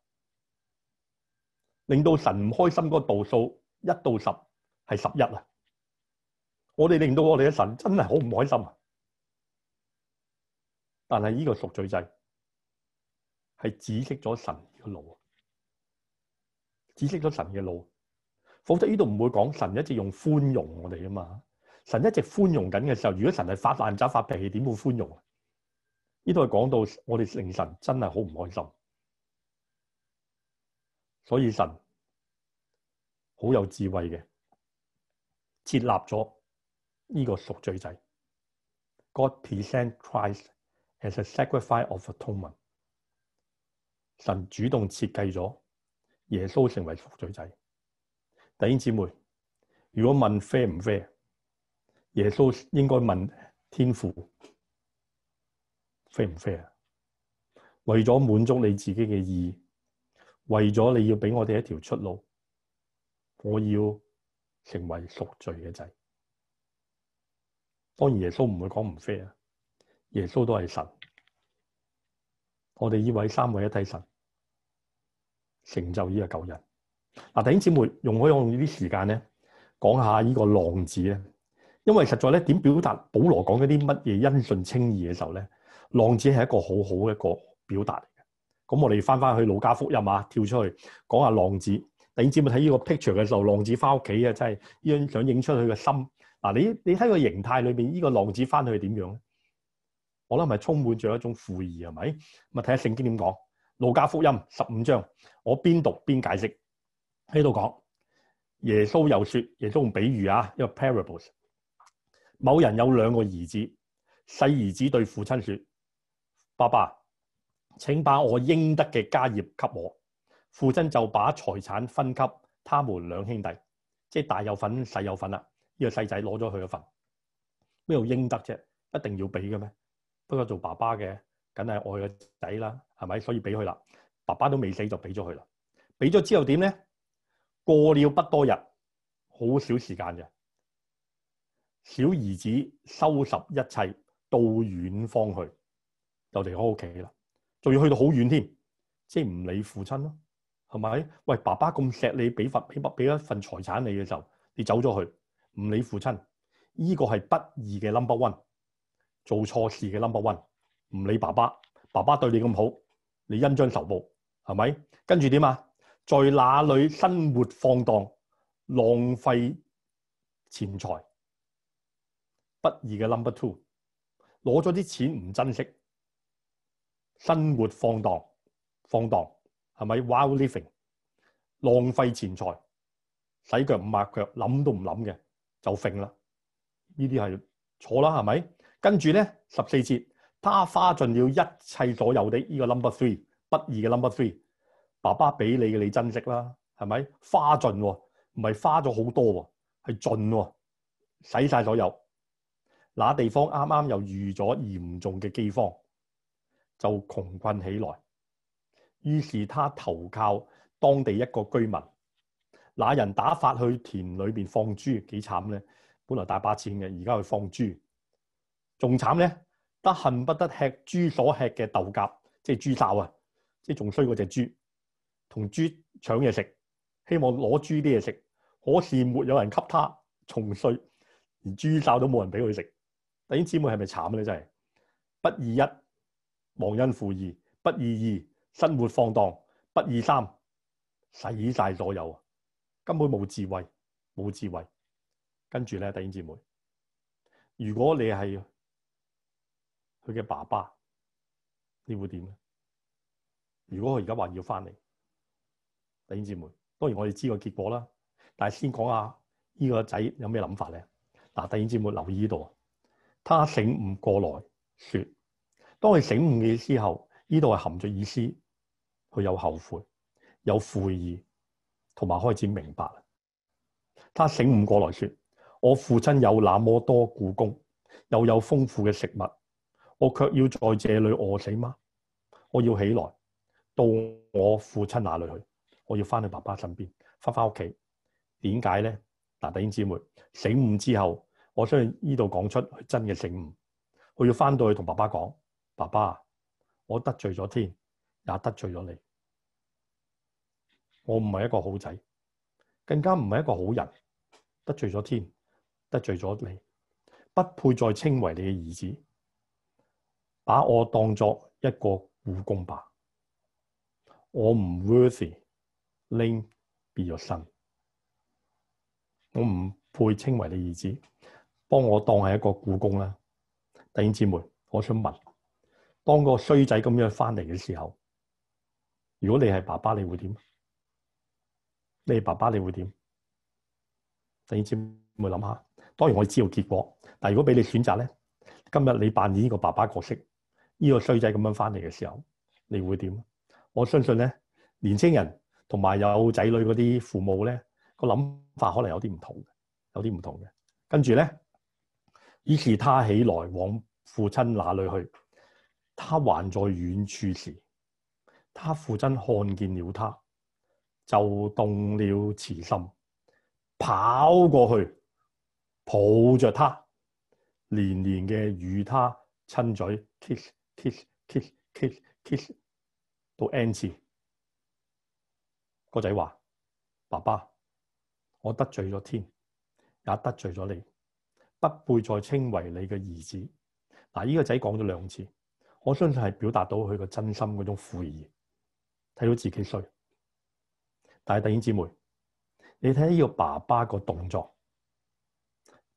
令到神唔開心嗰個度數一到十係十一啊！我哋令到我哋嘅神真係好唔開心啊！但係呢個贖罪制、就、係、係、指識咗神嘅路，指識咗神嘅路，否則呢度唔會講神一直用寬容我哋啊嘛。神一直寬容緊嘅時候，如果神係發爛渣發脾氣，點會寬容啊？呢度係講到我哋令神真係好唔開心。所以神好有智慧嘅，設立咗這個贖罪祭。God present Christ as a sacrifice of atonement。神主動設計咗耶穌成為贖罪祭。弟兄姊妹，如果問 fair 唔 fair，耶穌應該問天父 fair 唔 fair 啊？為咗滿足你自己嘅意。為咗你要俾我哋一條出路，我要成為贖罪嘅仔。當然耶穌唔會講唔 fair 啊，耶穌都係神。我哋依位三位一體神成就依個救恩嗱，弟兄姊妹，用開我哋啲時間咧，講一下依個浪子啊，因為實在咧，點表達保羅講咗啲乜嘢因信稱義嘅時候咧，浪子係一個很好好嘅一個表達。咁我哋翻翻去《路加福音》啊，跳出去講下浪子。你知唔知睇呢個 picture 嘅時候，浪子翻屋企啊，真係想影出佢嘅心。嗱，你你睇個形態裏邊，呢個浪子翻去點樣咧？我諗係充滿住一種悔意，係咪？咁啊，睇下聖經點講《路加福音》十五章，我邊讀邊解釋喺度講。耶穌又説，耶穌用比喻啊，一個 parables。某人有兩個兒子，細兒子對父親説，爸爸。請把我應得嘅家業給我，父親就把財產分給他們兩兄弟，即係大有份、細有份啦。呢、這個細仔攞咗佢嘅份，邊度應得啫？一定要俾嘅咩？不過做爸爸嘅，梗係愛個仔啦，係咪？所以俾佢啦。爸爸都未死就俾咗佢啦。俾咗之後點咧？過了不多日，好少時間嘅，小兒子收拾一切到遠方去，就離開屋企啦。就要去到好遠添，即係唔理父親咯，係咪？喂，爸爸咁錫你，俾份俾一份財產你嘅時候，你走咗去，唔理父親，呢個係不義嘅 number one，做錯事嘅 number one，唔理爸爸，爸爸對你咁好，你恩將仇報，係咪？跟住點啊？在哪裏生活放蕩，浪費錢財，不義嘅 number two，攞咗啲錢唔珍惜。生活放蕩，放蕩係咪？Wild living，浪費錢財，洗腳唔抹腳，諗都唔諗嘅就揈啦。了是是呢啲係錯啦，係咪？跟住咧，十四節，他花盡了一切所有的呢、這個 number three，不義嘅 number three。爸爸俾你嘅你珍惜啦，係咪？花盡唔係花咗好多，係盡，使晒所有。那地方啱啱又遇咗嚴重嘅饑荒。就窮困起來，於是他投靠當地一個居民。那人打發去田裏邊放豬，幾慘咧！本來大把錢嘅，而家去放豬，仲慘咧，得恨不得吃豬所吃嘅豆莢，即係豬哨啊！即係仲衰嗰隻豬，同豬搶嘢食，希望攞豬啲嘢食，可是沒有人，給他仲衰沒有人給他，仲衰，連豬哨都冇人俾佢食。弟兄姊妹係咪慘咧？真係不二一。忘恩負義，不義二；生活放蕩，不義三；死晒所有，根本冇智慧，冇智慧。跟住咧，弟兄姐妹，如果你係佢嘅爸爸，你會點咧？如果佢而家話要翻嚟，弟兄姐妹，當然我哋知個結果啦。但係先講下呢個仔有咩諗法咧？嗱，弟兄姐妹留意呢度，他醒悟過來，説。當佢醒悟嘅時候，呢度係含住意思，佢有後悔，有悔意，同埋開始明白啦。他醒悟過來，說我父親有那麼多故宮，又有豐富嘅食物，我卻要在這裡餓死嗎？我要起來到我父親那裡去，我要翻去爸爸身邊，翻翻屋企。點解咧？嗱，弟兄姊妹，醒悟之後，我相信呢度講出佢真嘅醒悟。我要翻到去同爸爸講。爸爸，我得罪咗天，也得罪咗你。我唔係一個好仔，更加唔係一個好人。得罪咗天，得罪咗你，不配再稱為你嘅兒子。把我當作一個僱工吧，我唔 worthy 拎，變咗神，我唔配稱為你兒子。幫我當係一個僱工啦，弟兄姊妹，我想問。當個衰仔咁樣翻嚟嘅時候，如果你係爸爸，你會點？你係爸爸你會點？你先會諗下。當然我知道結果，但係如果俾你選擇咧，今日你扮演呢個爸爸角色，呢個衰仔咁樣翻嚟嘅時候，你會點？我相信咧，年青人同埋有仔女嗰啲父母咧，個諗法可能有啲唔同，有啲唔同嘅。跟住咧，於是他起來往父親那裏去。他還在遠處時，他父親看見了他，就動了慈心，跑過去抱着他，連連嘅與他親嘴，kiss kiss kiss kiss kiss 到 n 次。個仔話：爸爸，我得罪咗天，也得罪咗你，不會再稱為你嘅兒子。嗱，呢、這個仔講咗兩次。我相信係表達到佢個真心嗰種悔意，睇到自己衰。但係弟兄姊妹，你睇呢個爸爸個動作，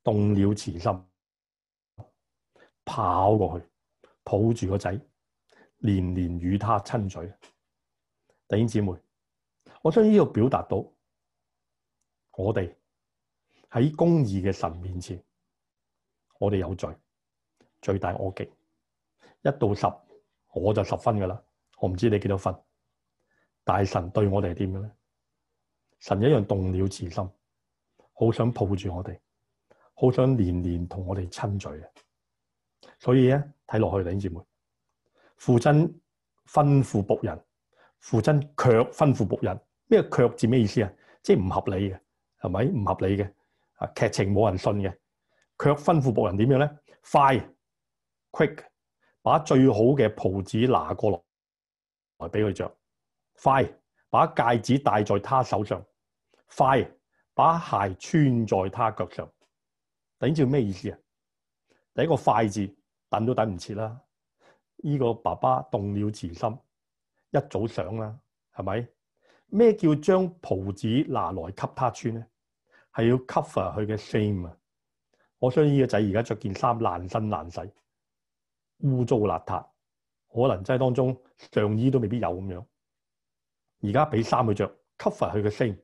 動了慈心，跑過去抱住個仔，連連與他親嘴。弟兄姊妹，我相信呢個表達到我們，我哋喺公義嘅神面前，我哋有罪，罪大惡極。一到十，我就十分㗎喇。我唔知你幾多分。大神對我哋係點嘅呢？神一樣動了慈心，好想抱住我哋，好想年年同我哋親嘴。所以呢，睇落去，弟兄姊妹，父親吩咐僕人，父親卻吩咐僕人咩？咩卻字咩意思啊？即係唔合理嘅，係咪唔合理嘅？啊，劇情冇人信嘅。卻吩咐僕人點樣呢？快，quick。把最好嘅袍子拿過來給他穿，來俾佢着。快把戒指戴在他手上，快把鞋穿在他腳上。等於咩意思啊？第一個快字，等都等唔切啦。呢個爸爸動了慈心，一早想啦，係咪？咩叫將袍子拿來給他穿呢？係要 cover 佢嘅 shame。我相信呢個仔而家着件衫爛身爛世。污糟邋遢，可能真係當中上衣都未必有咁樣現在。而家俾衫佢着，吸佛佢個聲，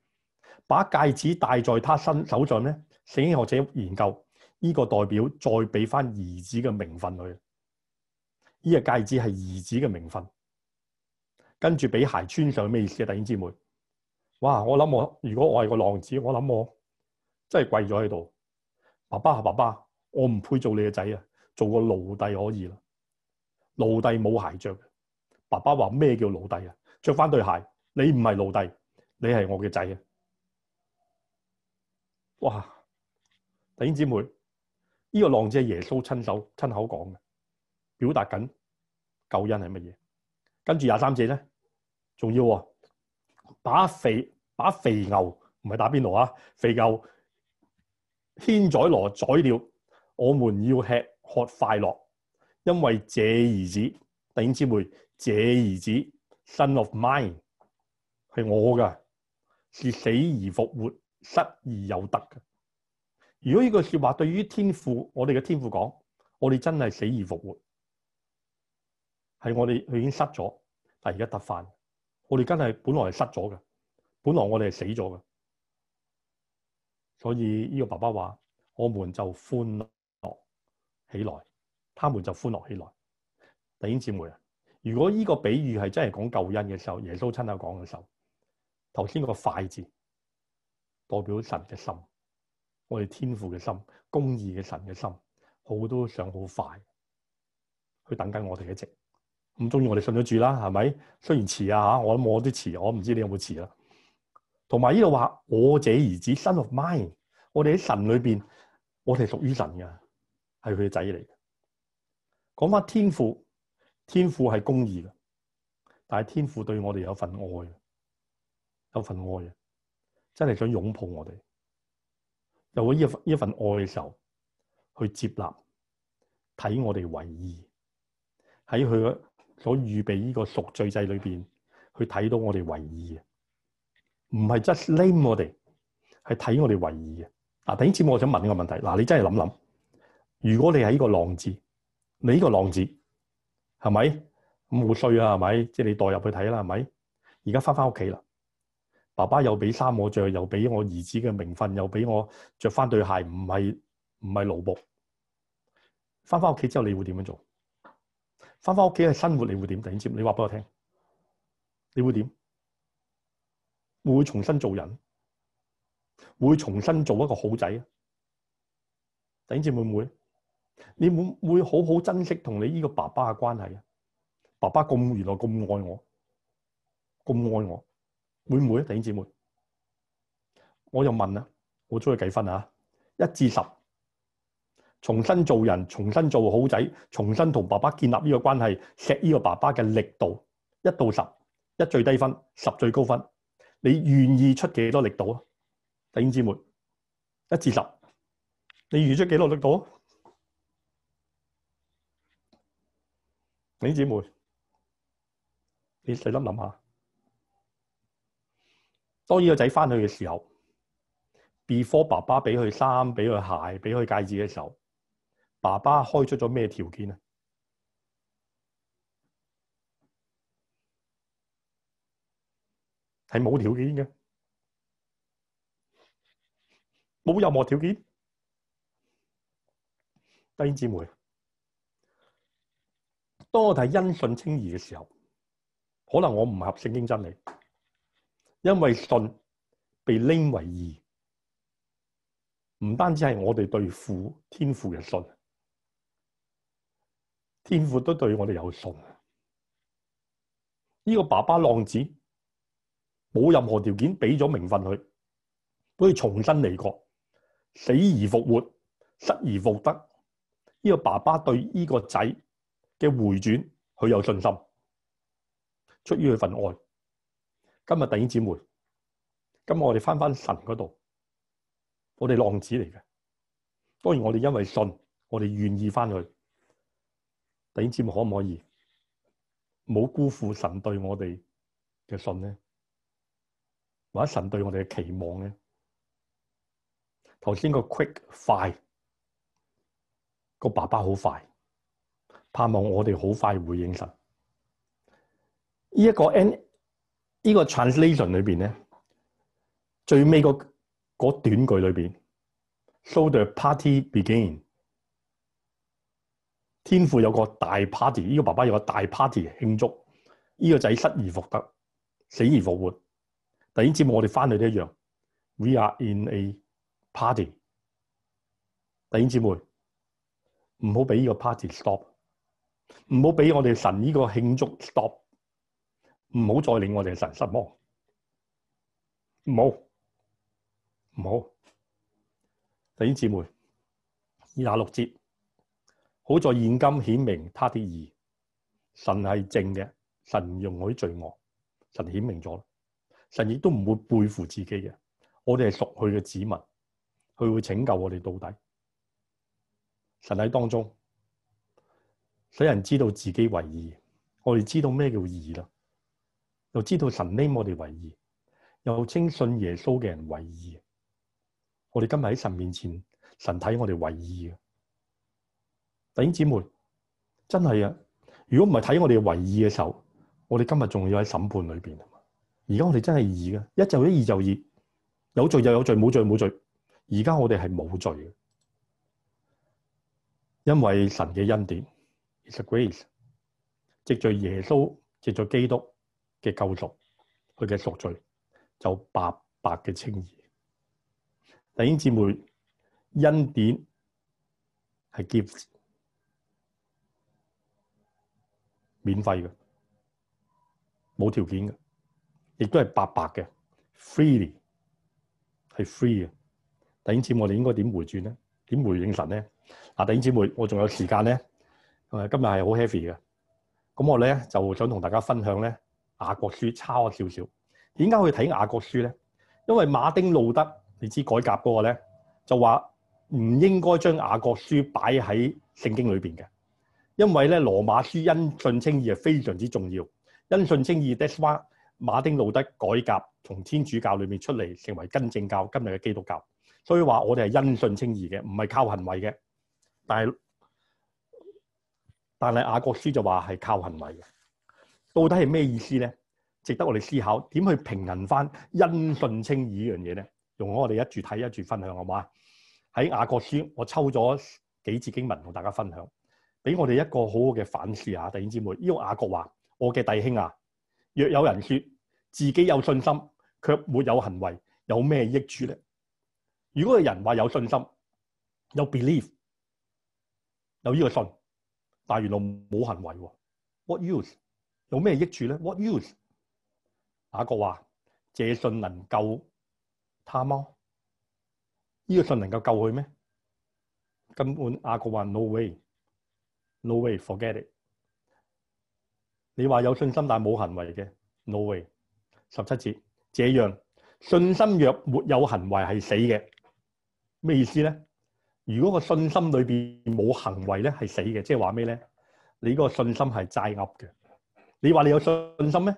把戒指戴在他身手上咧。聖經學者研究呢、這個代表再俾翻兒子嘅名分佢。呢個戒指係兒子嘅名分。跟住俾鞋穿上，咩意思啊？弟兄姐妹，哇！我諗我如果我係個浪子，我諗我真係跪咗喺度。爸爸啊，爸爸，我唔配做你嘅仔啊，做個奴隸可以啦。奴隸冇鞋着，爸爸話咩叫奴隸啊？着返對鞋，你唔係奴隸，你係我嘅仔、啊、哇，弟兄姊妹，呢、這個浪子係耶穌親手親口講嘅，表達緊，救恩係乜嘢？跟住廿三節呢，仲要喎、啊，把肥把肥牛唔係打邊爐啊，肥牛牽宰羅宰料，我們要吃喝快樂。因為這兒子、弟兄姊妹，這兒子、son of mine，是我的，是死而復活、失而有得的。如果這句說話對於天父，我們的天父講，我們真的死而復活，是我們已經失了，但係而家得翻。我們真的本來係失了嘅，本來我們是死了嘅，所以這個爸爸說，我們就歡樂起來。他們就歡樂起來。弟兄姊妹啊，如果呢個比喻係真係講救恩嘅時候，耶穌親口講嘅時候，頭先嗰個快字代表神嘅心，我哋天父嘅心，公義嘅神嘅心，好多想好快去等緊我哋嘅藉。咁終於我哋信咗住啦，係咪？雖然遲啊嚇，我諗我啲遲，我唔知你有冇遲啦。同埋呢度話我這兒子 Son of mine，我哋喺神裏邊，我哋屬於神嘅，係佢嘅仔嚟。講翻天父，天父係公義嘅，但係天父對我哋有份愛嘅，有份愛啊，真係想擁抱我哋。有咗呢一份愛嘅時候，去接納睇我哋為義，喺佢所預備呢個贖罪祭裏邊，去睇到我哋為義嘅，唔係 just blame 我哋，係睇我哋為義嘅。啊，頂先我想問呢個問題，嗱，你真係諗諗，如果你係呢個浪子。你呢個浪子，係咪五歲啊？係咪即係你代入去睇啦？係咪而家翻翻屋企啦？爸爸又畀衫我着，又畀我兒子嘅名分，又畀我着翻對鞋，唔係唔係勞碌。翻翻屋企之後你會點樣做？翻翻屋企嘅生活你會點？頂住你話俾我聽，你會點？會唔會重新做人，會唔會重新做一個好仔。頂住會唔會？你會唔會好好珍惜同你呢個爸爸嘅關係啊！爸爸原來咁愛我，咁愛我，會唔會啊？弟兄姊妹，我又問啦，我中意計分啊，一至十，重新做人，重新做好仔，重新同爸爸建立呢個關係，錫呢個爸爸嘅力度，一到十，一最低分，十最高分，你願意出幾多力度啊？弟兄姊妹，一至十，你預出幾多力度？弟兄姊妹，你細心諗下，當依個仔返去嘅時候，before 爸爸俾佢衫、俾佢鞋、俾佢戒指嘅時候，爸爸開出咗咩條件啊？係冇條件嘅，冇任何條件，弟兄姊妹。當我睇因信稱義嘅時候，可能我唔合聖經真理，因為信被拎為義，唔單止係我哋對父天父嘅信，天父都對我哋有信。呢個爸爸浪子冇任何條件俾咗名分佢，都要重新嚟過，死而復活，失而復得。呢個爸爸對呢個仔，嘅回轉，佢有信心，出於佢份愛。今日弟兄姊妹，今日我哋翻翻神嗰度，我哋浪子嚟嘅，當然我哋因為信，我哋願意翻去。弟兄姊妹可唔可以冇辜負神對我哋嘅信呢？或者神對我哋嘅期望咧？頭先個 quick 快，個爸爸好快。盼望我哋好快會應神。呢、這、一個、這個 translation 裏面，呢最尾、那個嗰短句裏面 So the party begin。天父有個大 party，呢個爸爸有個大 party 慶祝，呢、這個仔失而復得，死而復活。弟兄姊妹，我哋返去都一樣。We are in a party。弟兄姐妹，唔好俾呢個 party stop。唔好俾我哋神呢個慶祝 stop，唔好再令我哋神失望。唔好，唔好。弟兄姊、姊妹，廿六節，好在現今顯明他的義，神係正嘅，神唔容許罪惡，神顯明咗，神亦都唔會背負自己嘅。我哋係屬佢嘅子民，佢會拯救我哋到底。神喺當中。使人知道自己為義，我哋知道咩叫義啦，又知道神稱我哋為義，又稱信耶穌嘅人為義。我哋今日喺神面前，神睇我哋為義嘅弟兄姊妹真係啊！如果唔係睇我哋為義嘅時候，我哋今日仲要喺審判裏邊。而家我哋真係義嘅，一就一，二就二，有罪就有，有罪，冇罪冇罪。而家我哋係冇罪，因為神嘅恩典。It's a grace，藉著耶穌藉著基督嘅救贖，佢嘅贖罪就白白嘅稱義。弟兄姊妹，恩典係 gift，免費嘅，冇條件嘅，亦都係白白嘅，freely 係 free 嘅。弟兄姊妹，我哋應該點回轉呢？點回應神呢？嗱，弟兄姊妹，我仲有時間呢。同埋今日係好 heavy 嘅，咁我咧就想同大家分享咧，雅各書差咗少少，點解去睇雅各書咧？因為馬丁路德你知改革嗰個咧就話唔應該將雅各書擺喺聖經裏邊嘅，因為咧羅馬書因信稱義係非常之重要，因信稱義 that's why 馬丁路德改革從天主教裏面出嚟成為更正教今日嘅基督教，所以話我哋係因信稱義嘅，唔係靠行為嘅，但係。但係雅各書就話係靠行為嘅，到底係咩意思咧？值得我哋思考，點去平衡翻因信稱義呢樣嘢咧？用我哋一注睇一注分享，好嘛？喺雅各書，我抽咗幾節經文同大家分享，俾我哋一個好好嘅反思下，弟兄姊妹。呢、這個雅各話：我嘅弟兄啊，若有人說自己有信心，卻沒有行為，有咩益處咧？如果個人話有信心，有 belief，有呢個信。但係原來冇行為喎，what use？有咩益處呢 what use？雅各話：借信能夠救他麼？呢、這個信能夠救佢咩？根本雅各話：no way，no way，forget it。你話有信心但係冇行為嘅，no way。十七節，這樣信心若沒有行為係死嘅，咩意思呢？」如果個信心裏邊冇行為咧，係死嘅。即係話咩咧？你嗰個信心係齋噏嘅。你話你有信心咩？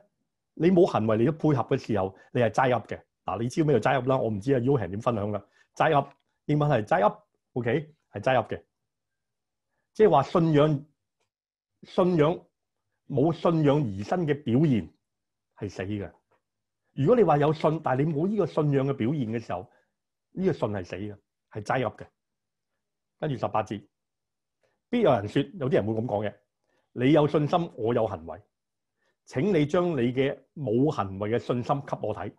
你冇行為，你一配合嘅時候，你係齋噏嘅。嗱，你知咩叫齋噏啦？我唔知阿 U 係點分享啦。齋噏，英文係齋噏。OK，係齋噏嘅。即係話信仰，信仰冇信仰而生嘅表現係死嘅。如果你話有信，但係你冇呢個信仰嘅表現嘅時候，呢個信係死嘅，係齋噏嘅。跟住十八節，必有人說，有啲人會咁講嘅。你有信心，我有行為，請你將你嘅冇行為嘅信心給我睇。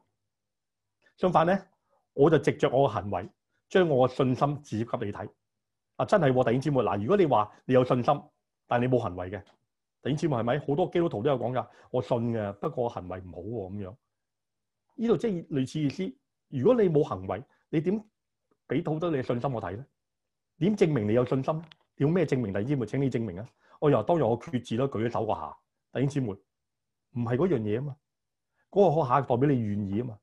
相反咧，我就藉着我嘅行為，將我嘅信心指給你睇。啊，真係，弟兄姊妹嗱、啊，如果你話你有信心，但係你冇行為嘅，弟兄姊妹係咪？好多基督徒都有講噶，我信嘅，不過行為唔好喎，咁樣。呢度即係類似意思。如果你冇行為，你點俾到好多你嘅信心我睇咧？點證明你有信心咧？要咩證明？弟兄姊妹，請你證明啊！我又當然我決志咯，舉咗手個下。弟兄姊妹，唔係嗰樣嘢啊嘛，嗰個個下代表你願意啊嘛。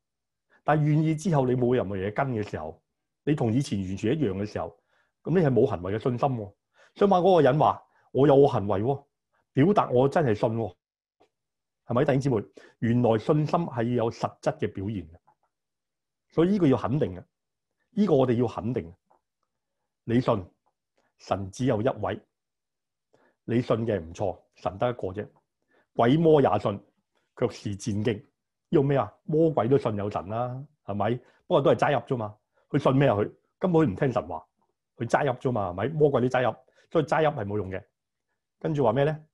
但係願意之後，你冇任何嘢跟嘅時候，你同以前完全一樣嘅時候，咁你係冇行為嘅信心喎。相反嗰個人話我有我行為喎，表達我真係信喎，係咪？弟兄姊妹，原來信心係要有實質嘅表現嘅，所以呢個要肯定嘅，呢個我哋要肯定。你信神只有一位，你信嘅唔錯，神得一個啫。鬼魔也信，卻是戰兢。用咩啊？魔鬼都信有神啦，係咪？不過都係齋入啫嘛。佢信咩啊？佢根本唔聽神話，佢齋入啫嘛，係咪？魔鬼都齋入，所以齋入係冇用嘅。跟住話咩咧？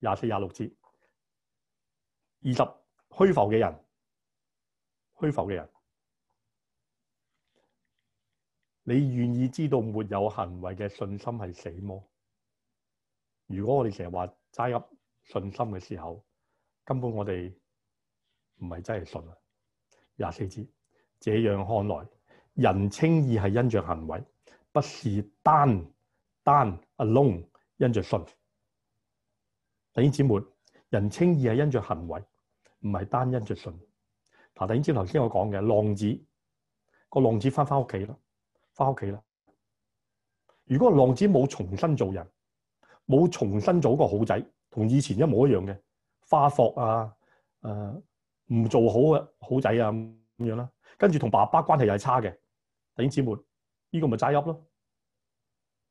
廿四廿六節，二十虛浮嘅人，虛浮嘅人。你願意知道沒有行為嘅信心係死麼？如果我哋成日話齋噏信心嘅時候，根本我哋唔係真係信啊！廿四節，這樣看來，人稱義係因着行為，不是單單 alone 因着信。弟兄姊妹，人稱義係因着行為，唔係單因着信。嗱，頭先我講嘅浪子，個浪子翻返屋企翻屋企啦！如果浪子冇重新做人，冇重新做一個好仔，同以前一模一樣嘅花霍啊，唔、呃、做好嘅好仔啊咁樣啦，跟住同爸爸關係又係差嘅，弟兄姊妹呢、這個咪齋噏咯，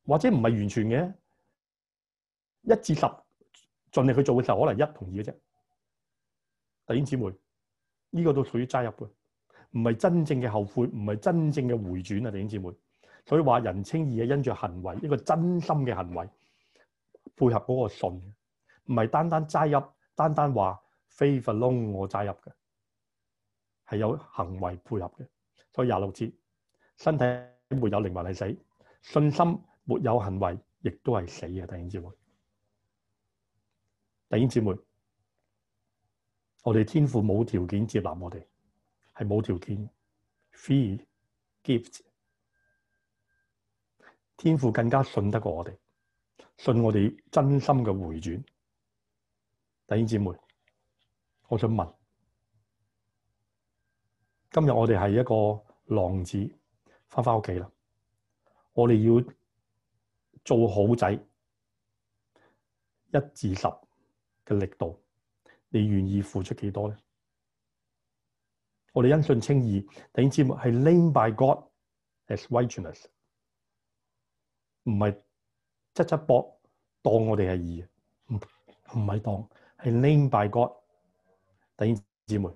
或者唔係完全嘅一至十，盡力去做嘅時候，可能一同二嘅啫。弟兄姊妹呢、這個都屬於齋噏嘅。唔係真正嘅後悔，唔係真正嘅回轉啊！弟兄姐妹，所以話人稱義嘅因着行為，一個真心嘅行為配合嗰個信，唔係單單齋噏，單單話非佛窿我齋噏嘅，係有行為配合嘅。所以廿六節，身體沒有靈魂係死，信心沒有行為亦都係死啊，弟兄姐妹，弟兄姐妹，我哋天父冇條件接納我哋。係冇條件嘅，free gifts，天父更加信得過我哋，信我哋真心嘅回轉。弟兄姊妹，我想問：今日我哋係一個浪子，翻返屋企啦，我哋要做好仔，一至十嘅力度，你願意付出幾多少呢？我哋因信稱義，弟兄姊妹係 name by God as righteous，唔係執執搏當我哋係義，唔係當是 name by God。弟兄姊妹，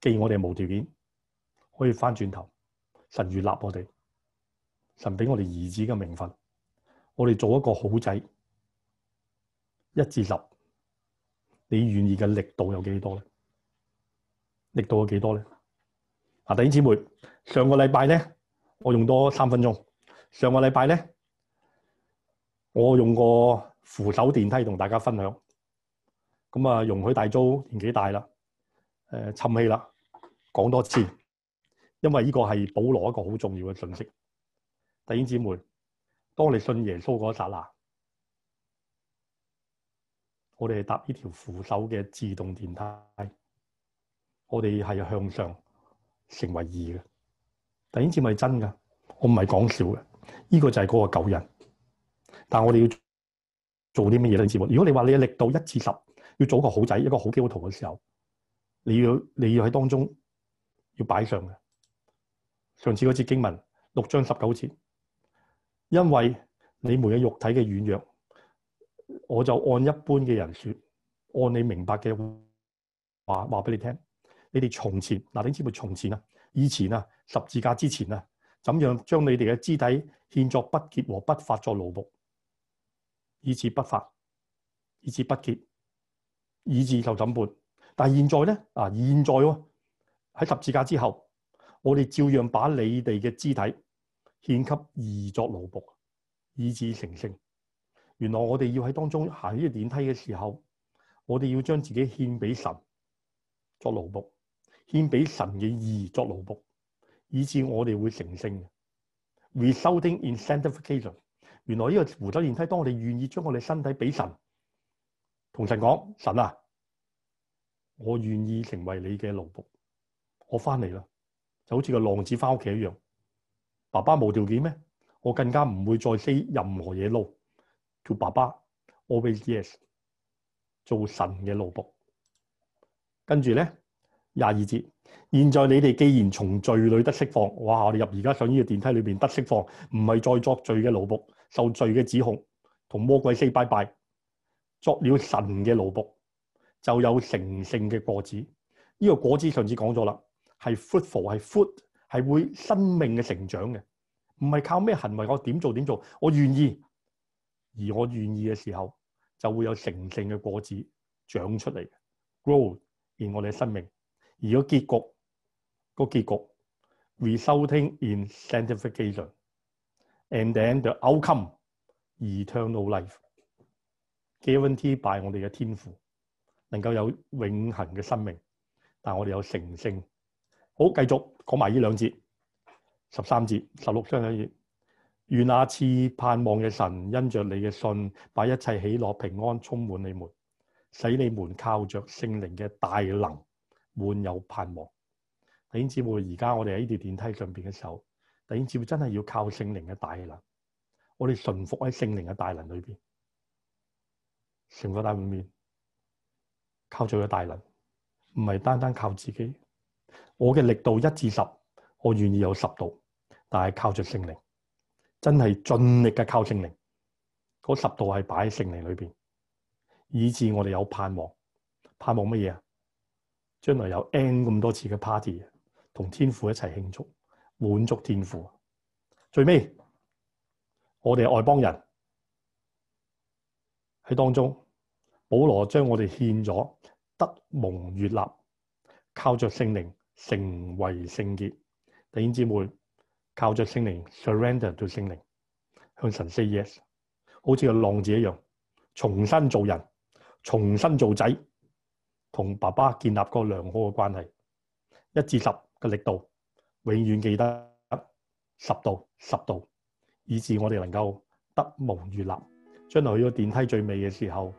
既然我哋無條件可以返轉頭，神悦納我哋，神俾我哋兒子嘅名分，我哋做一個好仔。一至十，你願意嘅力度有幾多咧？力度有幾多呢？啊，弟兄姊妹，上個禮拜呢，我用多三分鐘。上個禮拜呢，我用個扶手電梯同大家分享。咁啊，容許大租年紀大啦誒、呃，沉氣啦講多次，因為呢個係保羅一個好重要嘅信息。弟兄姊妹，當你信耶穌嗰剎那，我哋係搭呢條扶手嘅自動電梯。我哋係向上成為義嘅，第二次咪真㗎。我唔係講笑嘅，依、這個就係嗰個舊人。但我哋要做啲乜嘢呢？次，如果你話你嘅力度一至十，要做個好仔，一個好基督徒嘅時候，你要你要喺當中要擺上嘅。上次嗰節經文六章十九節，因為你們嘅肉體嘅軟弱，我就按一般嘅人説，按你明白嘅話話俾你聽。你哋從前嗱，你知唔知從前啊？以前啊，十字架之前啊，怎樣將你哋嘅肢體獻作不潔和不法作奴僕，以至不法，以至不潔，以至受審判。但係現在咧啊，現在喺十字架之後，我哋照樣把你哋嘅肢體獻給義作奴僕，以至成聖。原來我哋要喺當中行呢個電梯嘅時候，我哋要將自己獻俾神作奴僕。獻俾神嘅義作奴僕，以致我哋會成聖嘅。Resulting in sanctification，原來呢個扶手電梯，當我哋願意將我哋身體俾神，同神講：神啊，我願意成為你嘅奴僕。我翻嚟啦，就好似個浪子翻屋企一樣。爸爸無條件咩？我更加唔會再 say 任何嘢撈。叫爸爸，always yes。做神嘅奴僕，跟住咧。廿二節，現在你哋既然從罪裏得釋放，哇！我哋入而家上呢個電梯裏邊得釋放，唔係再作罪嘅奴僕，受罪嘅指控，同魔鬼 say bye bye，作了神嘅奴僕，就有成聖嘅果子。呢、這個果子上次講咗啦，係 fruitful 係 fruit 係會生命嘅成長嘅，唔係靠咩行為我點做點做，我願意，而我願意嘅時候就會有成聖嘅果子長出嚟，grow 而我哋嘅生命。而個結局，個結局，resulting in sanctification，and then the outcome, eternal life. Guaranteed by 我哋嘅天賦，能夠有永恆嘅生命，但我哋有成聖。好，繼續講埋呢兩節，十三節、十六章嘅嘢。願那賜盼望嘅神，因着你嘅信，把一切喜樂、平安充滿你們，使你們靠着聖靈嘅大能。滿有盼望。弟兄姊妹，而家我哋喺呢條電梯上邊嘅時候，弟兄姊妹真係要靠聖靈嘅大能。我哋順服喺聖靈嘅大能裏邊，順服大裏面，靠住個大能，唔係單單靠自己。我嘅力度一至十，我願意有十度，但係靠住聖靈，真係盡力嘅靠聖靈。嗰十度係擺喺聖靈裏邊，以致我哋有盼望。盼望乜嘢啊？將來有 n 咁多次嘅 party，同天父一齊慶祝，滿足天父。最尾，我哋外邦人喺當中，保羅將我哋獻咗，得蒙悦納，靠着聖靈成為聖潔。弟兄姊妹，靠着聖靈 surrender 到聖靈，向神 say yes，好似個浪子一樣，重新做人，重新做仔。同爸爸建立個良好嘅關係，一至十嘅力度，永遠記得十度十度，以致我哋能夠得蒙如立，將來去到電梯最尾嘅時候，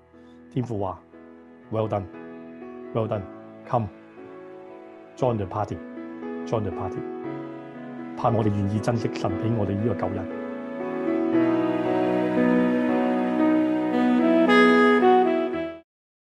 天父話：Well done, well done，come join the party，join the party，盼我哋願意珍惜神俾我哋呢個舊人。